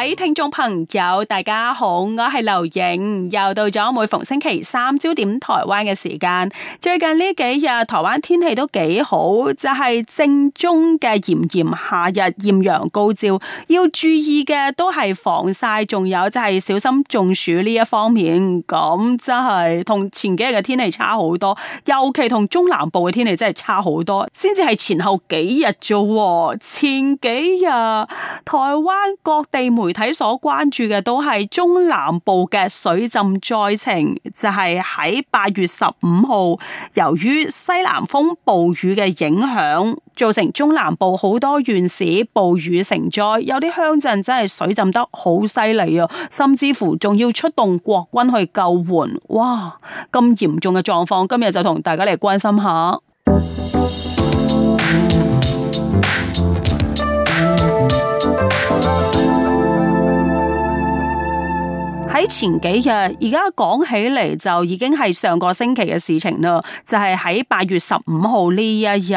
位聽眾朋友，大家好，我係劉穎，又到咗每逢星期三焦點台灣嘅時間。最近呢幾日台灣天氣都幾好，就係正宗嘅炎炎夏日，艷陽高照。要注意嘅都係防曬，仲有就係小心中暑呢一方面。咁真係同前幾日嘅天氣差好多，尤其同中南部嘅天氣真係差好多。先至係前後幾日啫，前幾日台灣各地梅。媒體所關注嘅都係中南部嘅水浸災情，就係喺八月十五號，由於西南風暴雨嘅影響，造成中南部好多縣市暴雨成災，有啲鄉鎮真係水浸得好犀利啊！甚至乎仲要出動國軍去救援，哇！咁嚴重嘅狀況，今日就同大家嚟關心下。喺前幾日，而家講起嚟，就已經係上個星期嘅事情啦。就係喺八月十五號呢一日，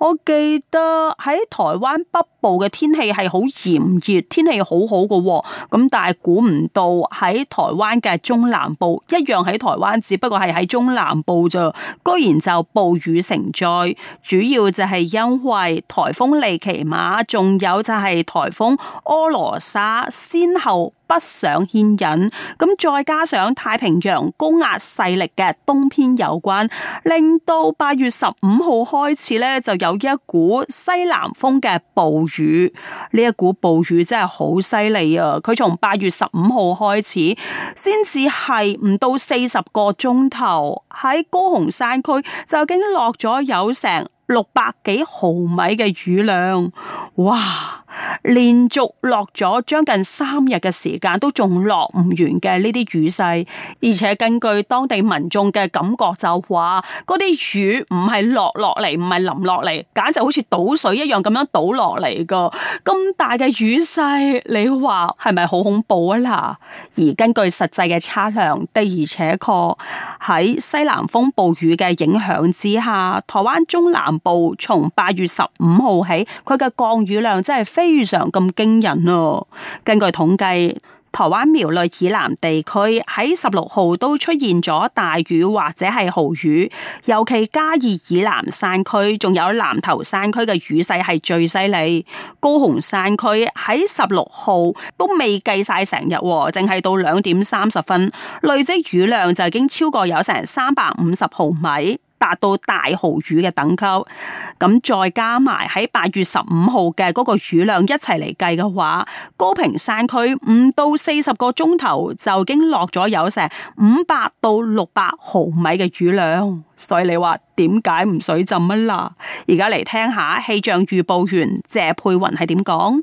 我記得喺台灣北部嘅天氣係好炎熱，天氣好好嘅，哦。咁但係估唔到喺台灣嘅中南部，一樣喺台灣，只不過係喺中南部啫，居然就暴雨成災。主要就係因為台風利奇馬，仲有就係台風阿羅沙，先後。不想欠引，咁再加上太平洋高壓勢力嘅東偏有關，令到八月十五號開始咧，就有一股西南風嘅暴雨。呢一股暴雨真係好犀利啊！佢從八月十五號開始，先至係唔到四十個鐘頭，喺高雄山區就經落咗有成。六百幾毫米嘅雨量，哇！連續落咗將近三日嘅時間，都仲落唔完嘅呢啲雨勢。而且根據當地民眾嘅感覺就話，啲雨唔係落落嚟，唔係淋落嚟，簡直好似倒水一樣咁樣倒落嚟噶。咁大嘅雨勢，你話係咪好恐怖啊？嗱，而根據實際嘅測量，的而且確喺西南風暴雨嘅影響之下，台灣中南。部從八月十五號起，佢嘅降雨量真係非常咁驚人啊！根據統計，台灣苗栗以南地區喺十六號都出現咗大雨或者係豪雨，尤其嘉義以，以南山區仲有南投山區嘅雨勢係最犀利。高雄山區喺十六號都未計晒成日，淨係到兩點三十分，累積雨量就已經超過有成三百五十毫米。達到大豪雨嘅等級，咁再加埋喺八月十五號嘅嗰個雨量一齊嚟計嘅話，高屏山區五到四十個鐘頭就已經落咗有成五百到六百毫米嘅雨量，所以你話點解唔水浸啊啦？而家嚟聽下氣象預報員謝佩雲係點講。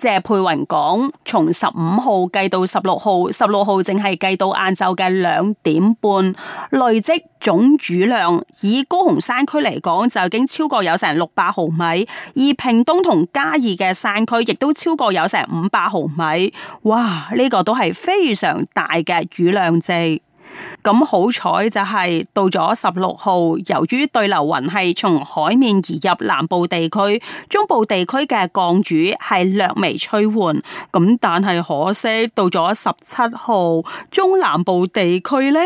謝佩云講：從十五號計到十六號，十六號淨係計到晏晝嘅兩點半，累積總雨量以高雄山區嚟講就已經超過有成六百毫米，而屏東同嘉義嘅山區亦都超過有成五百毫米。哇！呢個都係非常大嘅雨量值。咁好彩就係到咗十六號，由於對流雲系從海面移入南部地區、中部地區嘅降雨係略微趨緩。咁但係可惜到咗十七號，中南部地區呢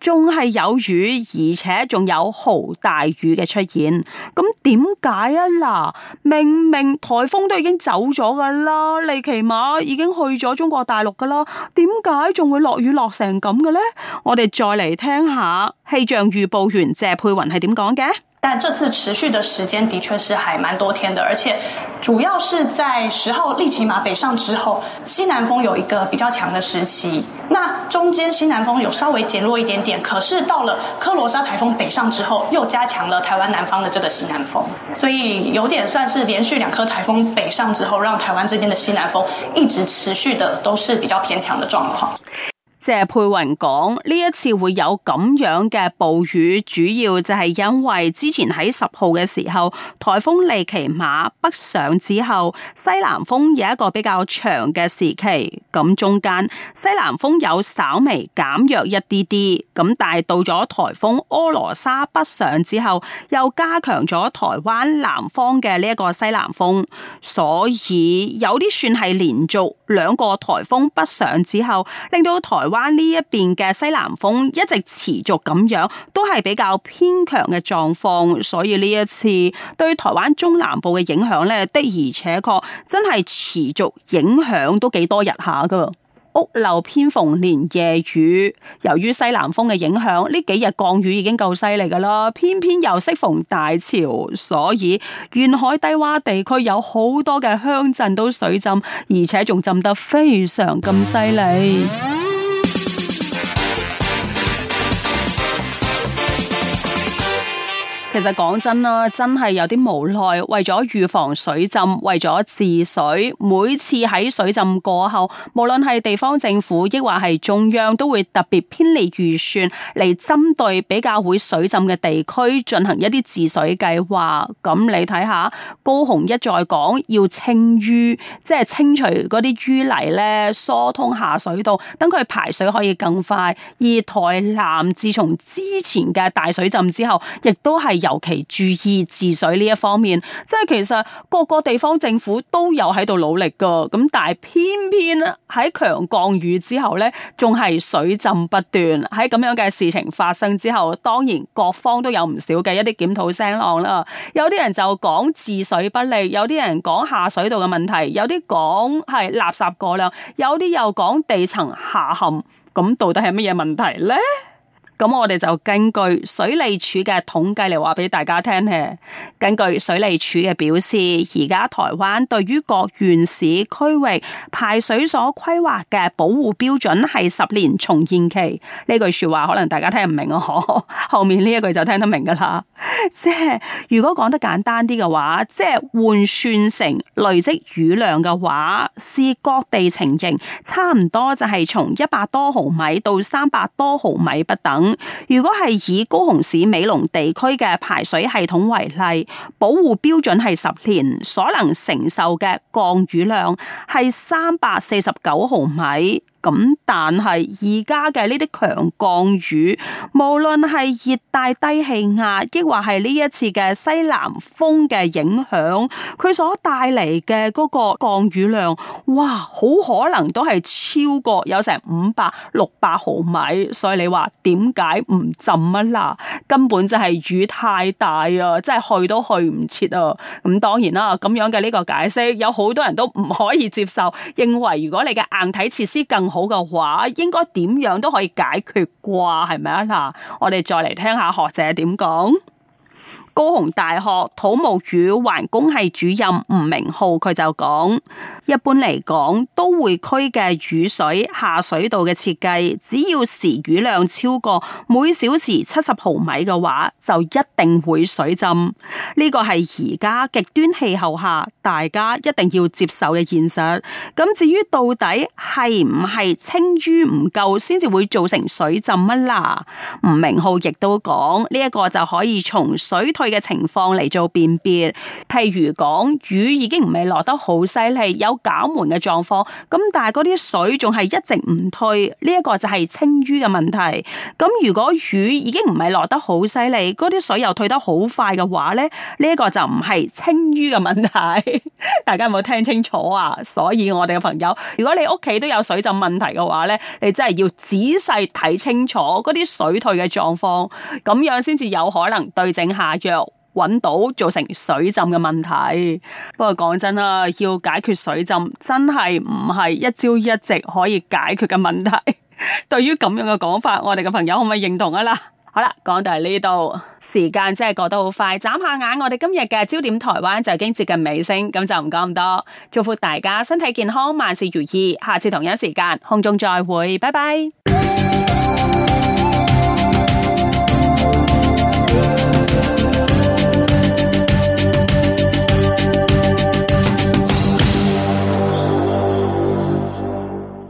仲係有雨，而且仲有豪大雨嘅出現。咁點解啊嗱？明明台風都已經走咗噶啦，利奇馬已經去咗中國大陸噶啦，點解仲會落雨落成咁嘅呢？我哋再嚟聽下氣象預報員謝佩雲係點講嘅？但這次持續的時間的確是還蠻多天的，而且主要是在十號利奇馬北上之後，西南風有一個比較強的時期。那中間西南風有稍微減弱一點點，可是到了柯羅莎颱風北上之後，又加強了台灣南方的這個西南風，所以有點算是連續兩顆颱風北上之後，讓台灣這邊的西南風一直持續的都是比較偏強的狀況。謝佩雲講：呢一次會有咁樣嘅暴雨，主要就係因為之前喺十號嘅時候，颱風利奇馬北上之後，西南風有一個比較長嘅時期。咁中間西南風有稍微減弱一啲啲，咁但係到咗颱風柯羅莎北上之後，又加強咗台灣南方嘅呢一個西南風，所以有啲算係連續兩個颱風北上之後，令到台灣。灣呢一邊嘅西南風一直持續咁樣，都係比較偏強嘅狀況，所以呢一次對台灣中南部嘅影響呢，的而且確真係持續影響都幾多日下㗎。屋漏偏逢連夜雨，由於西南風嘅影響，呢幾日降雨已經夠犀利㗎喇，偏偏又適逢大潮，所以沿海低窪地區有好多嘅鄉鎮都水浸，而且仲浸得非常咁犀利。其實講真啦，真係有啲無奈。為咗預防水浸，為咗治水，每次喺水浸過後，無論係地方政府亦或係中央，都會特別編列預算嚟針對比較會水浸嘅地區進行一啲治水計劃。咁你睇下，高雄一再講要清淤，即係清除嗰啲淤泥呢，疏通下水道，等佢排水可以更快。而台南自從之前嘅大水浸之後，亦都係。尤其注意治水呢一方面，即係其實各個地方政府都有喺度努力噶，咁但係偏偏喺強降雨之後咧，仲係水浸不斷。喺咁樣嘅事情發生之後，當然各方都有唔少嘅一啲檢討聲浪啦。有啲人就講治水不力，有啲人講下水道嘅問題，有啲講係垃圾過量，有啲又講地層下陷。咁到底係乜嘢問題咧？咁我哋就根據水利署嘅統計嚟話俾大家聽嘅。根據水利署嘅表示，而家台灣對於各縣市區域排水所規劃嘅保護標準係十年重現期。呢句說話可能大家聽唔明哦，後面呢一句就聽得明噶啦。即係如果講得簡單啲嘅話，即係換算成累積雨量嘅話，視各地情形差唔多就係從一百多毫米到三百多毫米不等。如果係以高雄市美龍地區嘅排水系統為例，保護標準係十年所能承受嘅降雨量係三百四十九毫米。咁但係而家嘅呢啲強降雨，無論係熱帶低氣壓，抑或係呢一次嘅西南風嘅影響，佢所帶嚟嘅個降雨量，哇，好可能都係超過有成五百、六百毫米。所以你話點解唔浸啊啦？根本就係雨太大啊，真係去都去唔切啊！咁、嗯、當然啦，咁樣嘅呢個解釋有好多人都唔可以接受，認為如果你嘅硬體設施更好嘅話，應該點樣都可以解決啩？係咪啊？嗱，我哋再嚟聽下學者點講。高雄大學土木與環工系主任吳明浩佢就講：一般嚟講，都會區嘅雨水下水道嘅設計，只要時雨量超過每小時七十毫米嘅話，就一定會水浸。呢個係而家極端氣候下大家一定要接受嘅現實。咁至於到底係唔係清淤唔夠先至會造成水浸乜啦？吳明浩亦都講：呢、這、一個就可以從水土嘅情況嚟做辨別，譬如講雨已經唔係落得好犀利，有搞門嘅狀況，咁但係嗰啲水仲係一直唔退，呢一個就係清淤嘅問題。咁如果雨已經唔係落得好犀利，嗰啲水又退得好快嘅話咧，呢一個就唔係清淤嘅問題。 大家有冇聽清楚啊？所以我哋嘅朋友，如果你屋企都有水浸問題嘅話咧，你真係要仔細睇清楚嗰啲水退嘅狀況，咁樣先至有可能對症下藥。揾到造成水浸嘅問題，不過講真啦，要解決水浸真係唔係一朝一夕可以解決嘅問題。 對於咁樣嘅講法，我哋嘅朋友可唔可以認同啊？啦，好啦，講到嚟呢度，時間真係過得好快，眨下眼，我哋今日嘅焦點台灣就已經接近尾聲，咁就唔講咁多，祝福大家身體健康，萬事如意，下次同樣時間空中再會，拜拜。